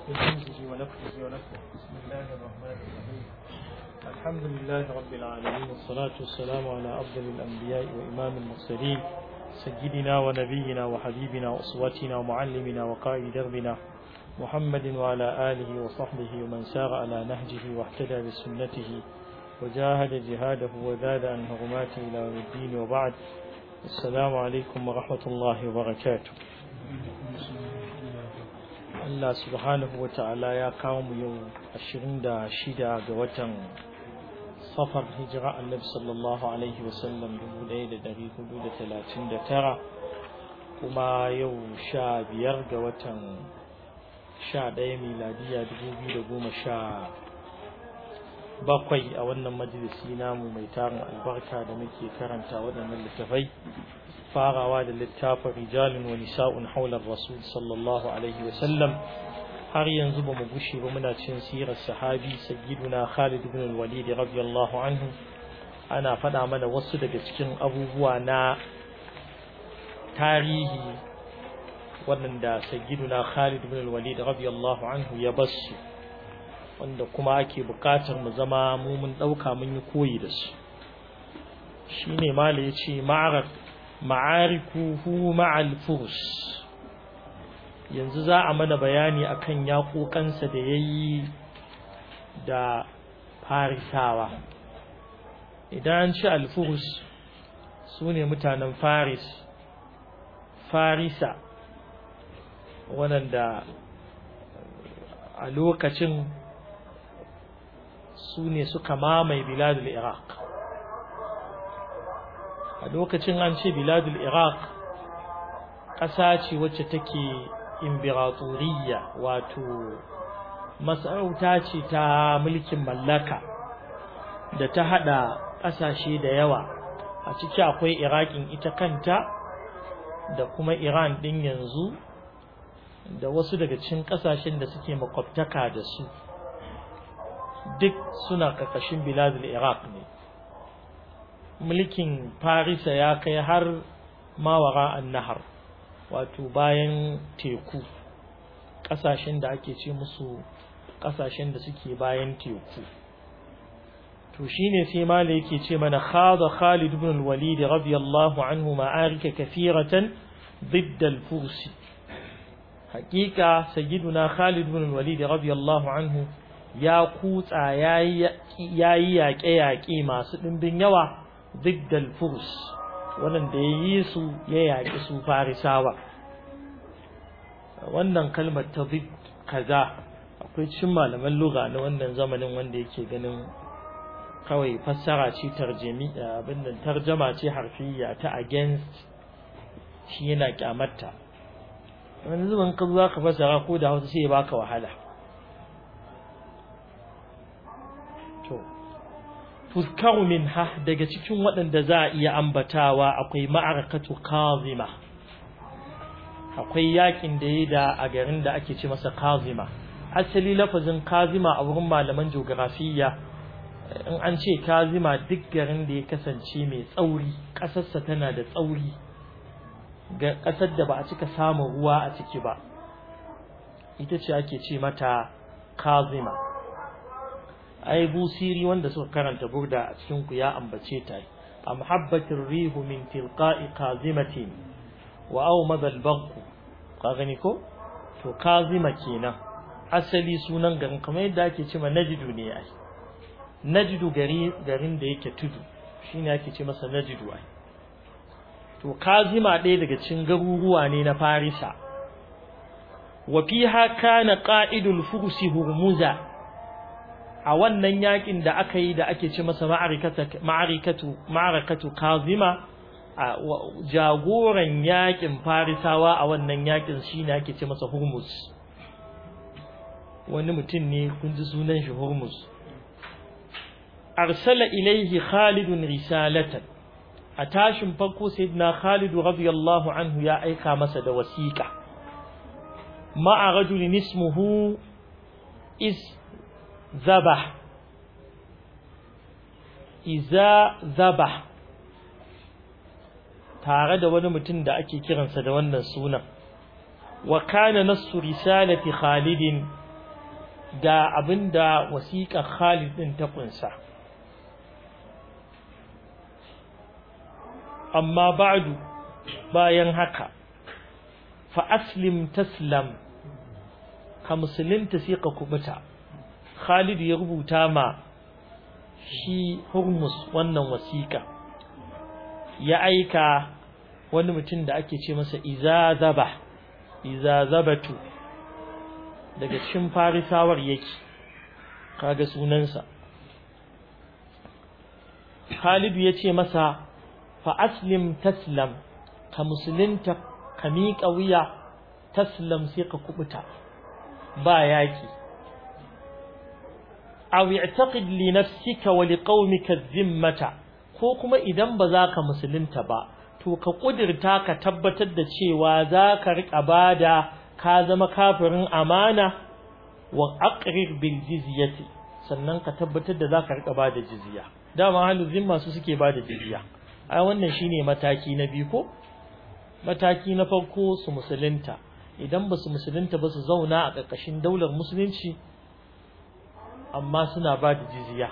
بسم الله الرحمن الرحيم الحمد لله رب العالمين والصلاة والسلام على أفضل الأنبياء وإمام المرسلين سيدنا ونبينا وحبيبنا وأسوتنا ومعلمنا وقائد دربنا محمد وعلى آله وصحبه ومن سار على نهجه واهتدى بسنته وجاهد جهاده وزاد عن هرماته إلى يوم الدين وبعد السلام عليكم ورحمة الله وبركاته Allah subhanahu wa ta'ala ya kawo mu yau 26 ga watan safar hijira annabi sallallahu alaihi wasallam 1439 kuma yau 15 ga watan 11 miladiya 2017 a wannan majalisi namu mai tarin albarka da muke karanta waɗannan littafai farawa da littafin rijalin wani sa'un haular rasul sallallahu alaihi wa har yanzu ba mu gushe ba muna cin sirar sahabi sayyiduna Khalid ibn al-Walid radiyallahu anhu ana faɗa mana wasu daga cikin abubuwa na tarihi waɗanda sayyiduna Khalid ibn al-Walid radiyallahu anhu ya basu wanda kuma ake buƙatar mu zama mu mun ɗauka mun yi koyi da su shine ya ce ma'arar ma'arikuhu ma'al furs yanzu za a mana bayani akan yaƙoƙansa da ya yi da farisawa idan an ci alfurus su ne mutanen faris farisa waɗanda a lokacin su ne suka mamaye biladul iraq a lokacin an ce biladul iraq ƙasa ce wacce take imbiratoriya wato masarauta ce ta mulkin mallaka da ta haɗa ƙasashe da yawa a ciki akwai iraƙin ita kanta da kuma iran ɗin yanzu da wasu daga cikin ƙasashen da suke makwabtaka da su duk suna ƙarƙashin biladul iraq ne mulkin farisa ya kai har mawara an nahar wato bayan teku ƙasashen da ake ce musu ƙasashen da suke bayan teku to shine sai mala yake ce mana khada Khalid ibn al-Walid radiyallahu anhu ma'arika kathiratan ضد الفرس حقيقة سيدنا Khalid ibn al-Walid radiyallahu anhu ya kutsa yayi yaƙe-yaƙe masu ɗimbin yawa ضد furs wannan da ya yi su ya yaƙi su farisawa wannan kalmar ta zid kaza akwai cin malaman lura na wannan zamanin wanda yake ganin kawai fassara ce tarjami abin tarjama ce harfiya ta against shi yana kyamatta wani zuban ka za ka fassara ko da hausa sai ya baka wahala min ha daga cikin waɗanda za a iya ambatawa akwai ma'arakatu kazima akwai yakin da ya da a garin da ake ce masa kazima asali lafazin kazima a wurin malaman geografiya in an ce kazima duk garin da ya kasance mai tsauri ƙasarsa tana da tsauri ga ƙasar da ba a cika samun ruwa a ciki ba ita ce ake ce mata kazima ai busiri wanda suka karanta burda a cikin ku ya ambace ta am habbatir rihu min tilqa'i qazimatin wa aw madal baqu ka gani ko to kazima kenan asali sunan garin kamar yadda ake cewa najdu ne ai najdu gari garin da yake tudu shine ake ce masa najdu ai to kazima ɗaya daga cikin garuruwa ne na farisa wa fiha kana qa'idul fursi hurmuza a wannan yakin da aka yi da ake ce masa ma'arikatu kazima kazima jagoran yakin farisawa a wannan yakin shine ake ce masa hurmus wani mutum ne kun ji sunan shi hurmus arsala ilaihi khalidun risalatan a tashin farko sayyidina khalidu radiyallahu anhu ya aika masa da wasiƙa ma'a rajulin ismuhu is zabah iza zabah tare da wani mutum da ake kiransa da wannan sunan wa kana nasu risalati khalidin da abinda wasiƙar Khalid ɗin ta ƙunsa, amma ba'du bayan haka fa aslim taslam ka musulunta sai ka kubuta Khalid ya rubuta ma shi Hurmus wannan wasiƙa ya aika wani mutum da ake ce masa Izazaba Izazabatu daga cikin Farisawar yake kaga sunansa Khalid ya ce masa fa aslim taslam ka musulunta ka miƙa wuya taslam sai ka kubuta ba yaƙi aw i'taqid li nafsika wa liqaumika ko kuma idan ba za ka musulunta ba to ka kudirta ka tabbatar da cewa za ka riƙa bada ka zama kafirin amana wa aqrir bil jizyati sannan ka tabbatar da za ka riƙa bada jizya dama halin zimma su suke bada jizya ai wannan shine mataki na biyu ko mataki na farko su musulunta idan ba su musulunta ba su zauna a ƙarƙashin daular musulunci amma suna ba da jizya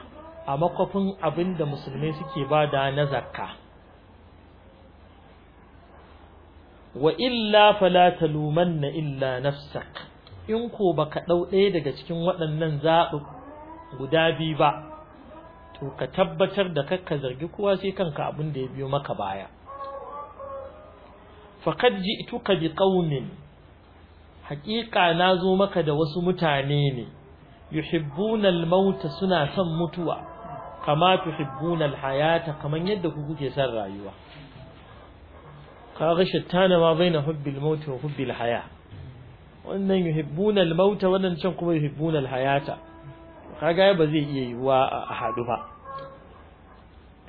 a makwafin abin da musulmai suke ba da na zakka wa illa luman na illa nafsak in ko baka dau ɗaya daga cikin waɗannan zaɓi guda biyu ba to ka tabbatar da kakka zargi kowa sai kanka abin da ya biyo maka baya faqad ji'tuka ƙaunin. haƙiƙa na zo maka da wasu mutane ne yuhibbuna mauta suna son mutuwa kama tuhibbuna hayata kaman yadda ku kuke son rayuwa kaga shattana ma baina hubbil mauta wa hubbil haya wannan yuhibbuna al wannan can kuma yuhibbuna hayata kaga ba zai iya yiwuwa a hadu ba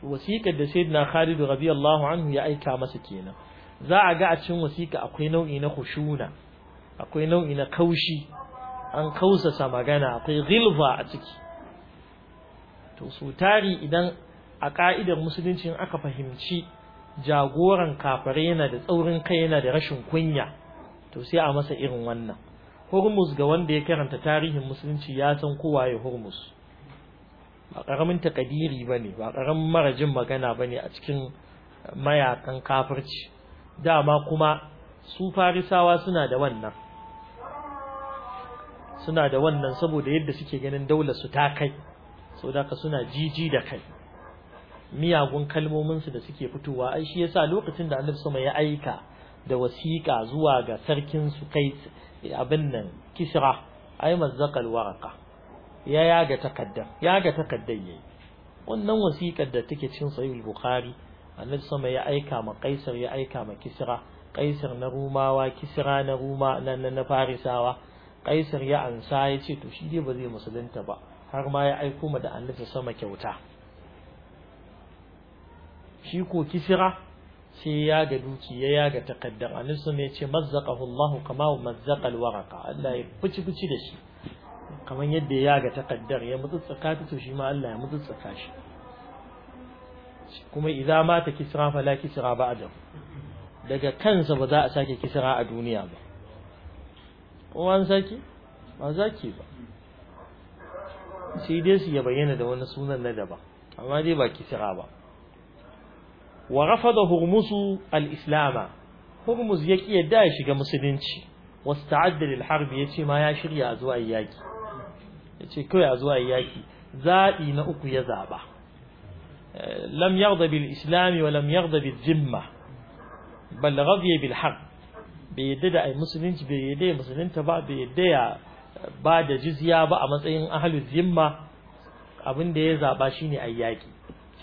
to wasiƙar da sayyidina Khalid radiyallahu anhu ya aika masa kenan za a ga a cikin wasiƙa akwai nau'i na khushuna akwai nau'i na kaushi an kausasa magana akwai gilva a ciki to su tari idan a ka'idar musulunci aka fahimci jagoran kafare yana da tsaurin kai yana da rashin kunya to sai a masa irin wannan Hurmus ga wanda ya karanta tarihin musulunci ya san kowa ya Hormuz ba karamin takadiri bane ba karamin marajin magana bane a cikin mayakan kafirci dama kuma su farisawa suna da wannan suna da wannan saboda yadda suke ganin daular su ta kai saboda ka suna jiji da kai miyagun kalmominsu da suke fitowa ai shi yasa lokacin da Annabi sama ya aika da wasiƙa zuwa ga sarkin su kai abin nan kisra ai mazzaqal waraqa ya yaga takaddar yai. takaddar yayi wannan wasiƙar da take cikin sahih bukhari Annabi sama ya aika ma Kaisar ya aika ma Kisra Kaisar na Rumawa Kisra na Ruma na na Farisawa kaisar ya ansa ya ce to shi dai ba zai musulunta ba har ma ya aiko ma da annabi sama kyauta shi ko kisira sai ya ga duki ya ya ga takaddar annabi sama ya ce mazzaqahu Allahu kama mazzaqal waraka Allah ya fici fici da shi kamar yadda ya ga takaddar ya mutsutsaka to shi ma Allah ya mutsutsaka shi kuma idza mata kisra fala kisra ba'da daga kansa ba za a sake kisra a duniya ba uwan zaki ba zaki ba sai dai su ya bayyana da wani sunan na daba amma dai ba kisira ba wa rafada hurmusu al-islama hurmus ya ki yadda ya shiga musulunci wasu lil harbi yace ma ya shirya zuwa yaki ce kai a zuwa yaki zabi na uku ya zaɓa eh, lam yarda bil islam wa lam yarda bil jimma bal radiya bil haqq bai yadda da ai musulunci bai yadda ya musulunta ba bai yadda ya ba da jizya ba a matsayin ahalu zimma abin da ya zaba shine ayyaki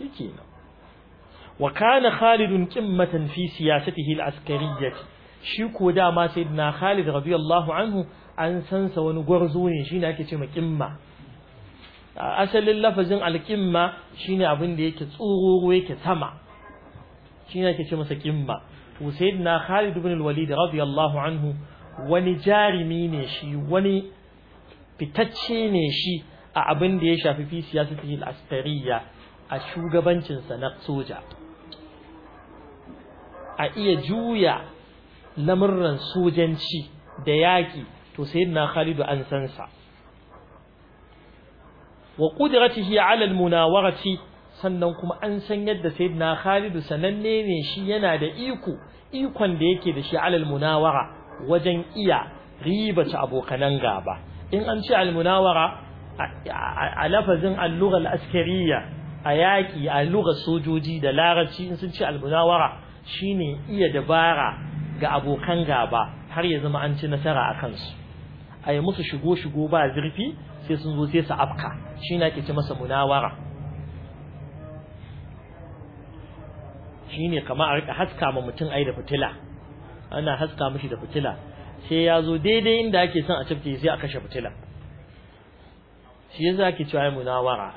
nan wa kana khalidun qimmatan fi siyasatihi al-askariyyah shi ko da ma sayyidina khalid radiyallahu anhu an san sa wani gwarzo ne shine ake cewa qimma asalin lafazin al-qimma shine abin da yake tsururu yake sama shine ake ce masa qimma to na Khalid ibn al-Walid radiyallahu anhu wani jarumi ne shi wani fitacce ne shi a abin da ya shafi fi siyasatul askariya a shugabancinsa na soja a iya juya lamurran sojanci da yaƙi to sayyidina Khalid an san sa wa qudratihi ala al-munawarati sannan kuma an san yadda sayyidina Khalid sananne ne shi yana da iko ikon da yake da shi alal munawara wajen iya ta abokanan gaba in an ce al munawara a lafazin al-lugha al askariya a yaki a lugha sojoji da larabci in sun ce al munawara shine iya dabara ga abokan gaba har ya zama an ci nasara a kansu a musu shigo shigo ba zurfi sai sun zo sai su afka shi na ke ce masa munawara Shi ne kama a rika haska ma mutum ai da fitila ana haska mishi da fitila sai ya zo daidai inda ake son a cafke sai a kashe fitila shi yasa ake cewa ai munawara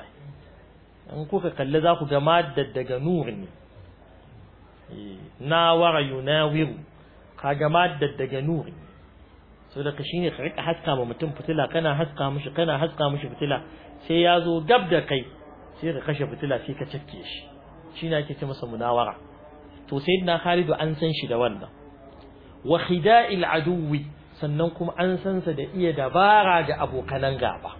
an kuka kalli za ku gama daddaga daga nur ne eh, nawara yunawiru ka gama daga nur ne so da ka ne ka rika haska ma mutum fitila kana haska mishi kana haska mishi fitila sai ya zo gab da kai sai ka kashe fitila sai ka cafke shi shi na ake ce masa munawara to sayyidina khalidu an san shi da wannan wa khida'il aduwi sannan kuma an san sa da iya dabara ga abokanan gaba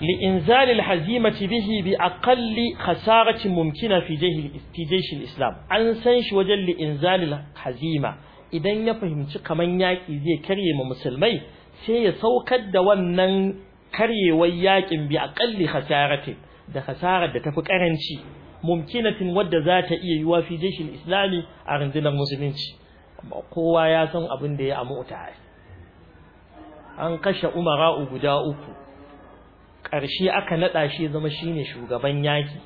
li inzal al hazimati bihi bi aqalli khasarati mumkina fi jayhi al islam an san shi wajen li inzal al hazima idan ya fahimci kaman yaki zai karye ma musulmai sai ya saukar da wannan karyewar yakin bi aqalli khasarati da khasarar da tafi karanci mumkinatin wadda za ta iya yiwa fi jishin islami a rundunar musulunci kowa ya san abin da ya amu ta an kashe umara'u guda uku ƙarshe aka naɗa shi zama shine shugaban yaƙi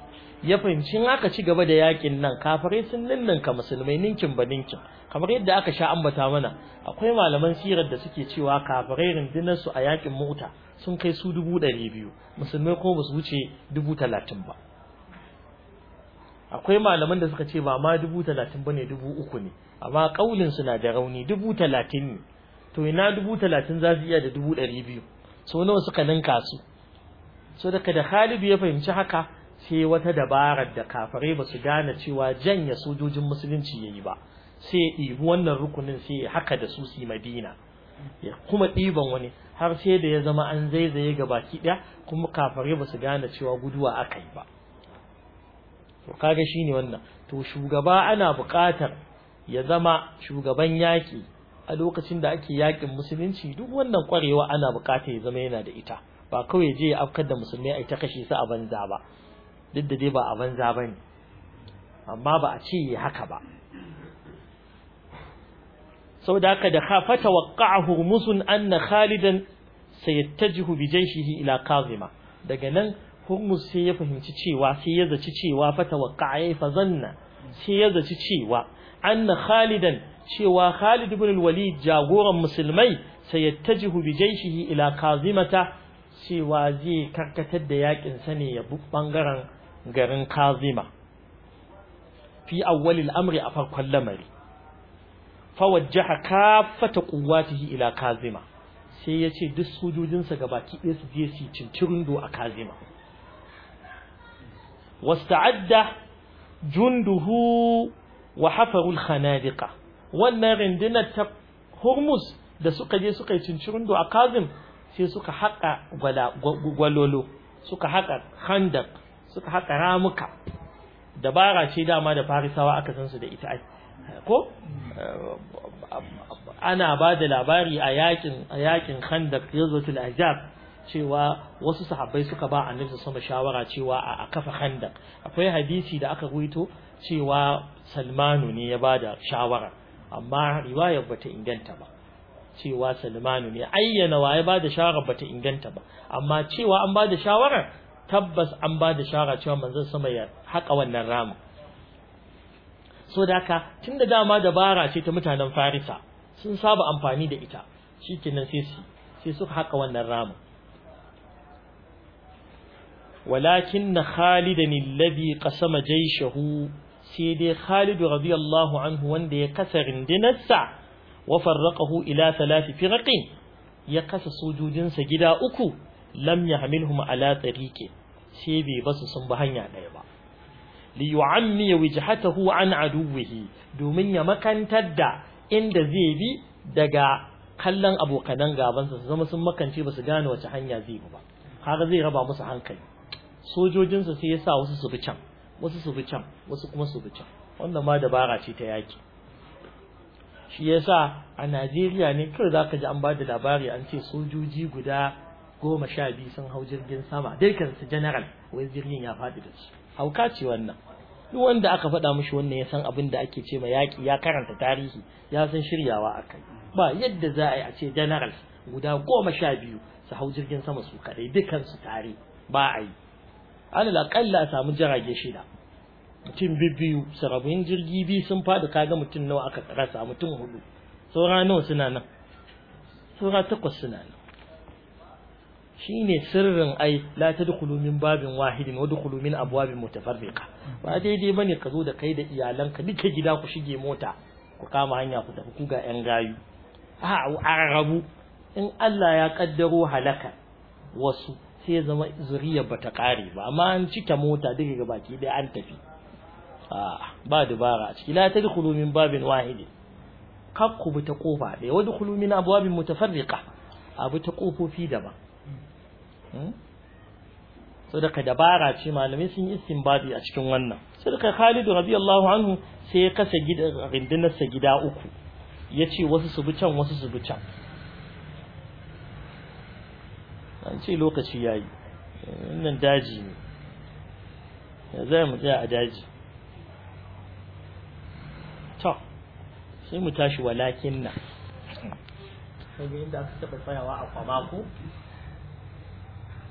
ya fahimci in aka ci gaba da yaƙin nan kafirai sun ka musulmai ninkin ba ninkin kamar yadda aka sha ambata mana akwai malaman sirar da suke cewa kafirai rundunar su a yaƙin mota sun kai su dubu ɗari biyu musulmai ko ba su wuce dubu talatin ba akwai malaman da suka ce ba ma dubu talatin ba ne dubu uku ne amma kaulin suna da rauni dubu talatin ne to ina dubu talatin za su iya da dubu ɗari biyu so nawa suka ninka su so daga da Halibu ya fahimci haka sai wata dabarar da kafare ba su gane cewa janya sojojin musulunci ya yi ba sai ya ɗibi wannan rukunin sai ya haka da su si madina ya kuma ɗiban wani har sai da ya zama an zaizaye ga baki ɗaya kuma kafare ba su gane cewa guduwa aka yi ba to shi shine wannan to shugaba ana buƙatar ya zama shugaban yaƙi a lokacin da ake yaƙin musulunci duk wannan ƙwarewa ana buƙatar ya zama yana da ita ba kawai je ya afkar da musulmai ai ta kashe su a banza ba duk da dai ba a banza bane amma ba a ce yi haka ba Sau da haka da wa tawaqqa'ahu hurmusun anna khalidan sayyattajihu bi ila kazima daga nan Hurmus sai ya fahimci cewa sai ya zaci cewa fa tawaqqa fa zanna sai ya zaci cewa anna Khalidan cewa Khalid ibn al jagoran musulmai sai yattajihu bi jayshihi ila Kazimata cewa zai karkatar da yakin sa ne ya bangaren garin Kazima fi awwalil amri a farkon lamari fa wajjaha kafata quwwatihi ila Kazima sai ya ce duk sojojinsa gabaki ɗaya su je su cincirin do a Kazima wasta'adda junduhu wa hafarul khanadiqa wannan rundunar ta Hormuz da suka je suka yi cincirindo a Kazim sai suka haƙa gwalolo suka haƙa khandak suka haƙa ramuka dabara ce dama da farisawa aka san su da ita ko ana ba da labari a yakin a yakin khandak yazatul cewa wasu sahabbai suka ba annabi sama shawara cewa a kafa khandak akwai hadisi da aka ruwaito cewa salmanu ne ya bada shawara amma riwayar bata inganta ba cewa salmanu ne ayyana wa ya bada shawara bata inganta ba amma cewa an bada shawara tabbas an ba da shawara cewa manzon sama ya haƙa wannan ramin so da haka da dama dabara ce ta mutanen farisa sun saba amfani da ita shikenan sai su sai suka haƙa wannan ramin walakin khalidan alladhi qasama jayshahu sai dai Khalid radiyallahu anhu wanda ya kasa rindinarsa wa farraqahu ila thalath firaqin ya kasa sojojinsa gida uku lam yahmilhum ala tariqi sai bai basu sun bi hanya daya ba li yu'ammi wajhatahu an aduwwihi domin ya makantar da inda zai bi daga kallon abokan gabansa su zama sun makance ba su gane wace hanya zai bi ba har zai raba musu hankali sojojinsa sai ya sa wasu su bi can wasu su bi can wasu kuma su bi can wannan ma dabara ce ta yaki shi ya sa a Najeriya ne kawai ka ji an ba da labari an ce sojoji guda goma sha biyu sun hau jirgin sama dukkan su general wai jirgin ya faɗi da su hauka ce wannan duk wanda aka faɗa mushi wannan ya san abin da ake ce ma yaƙi ya karanta tarihi ya san shiryawa a kai ba yadda za a yi a ce general guda goma sha biyu su hau jirgin sama su kaɗai dukansu tare ba a yi alal kalla a samu jirage shida mutum biyu sarabin jirgi biyu sun faɗi kaga mutum nawa aka rasa mutum hudu saura nawa suna nan saura takwas suna nan shi ne sirrin ai la tadkhulu min babin wahidin wa dkhulu min abwabin mutafarriqa ba daidai bane ka zo da kai da iyalanka duka gida ku shige mota ku kama hanya ku tafi ku ga yan gayu a rabu in Allah ya kaddaro halaka wasu sai ya zama zuriyar ta kare ba amma an cike mota duka ga baki dai an tafi a ba dubara a ciki la tadkhulu min babin wahidi kakku bi ta kofa ɗaya wadkhulu min abwabin mutafarriqa abu ta kofofi daban hmm? ka dabara ce malamai sun yi istinbadi a cikin wannan sadaka Khalid radiyallahu anhu sai ya kasa gida rindinar gida uku ce wasu su bi can wasu su bi can an ce lokaci ya yayi wannan daji ne ya zai mu tsaya a daji to sai mu tashi walakin na kaga inda aka taɓa tsayawa a kwaba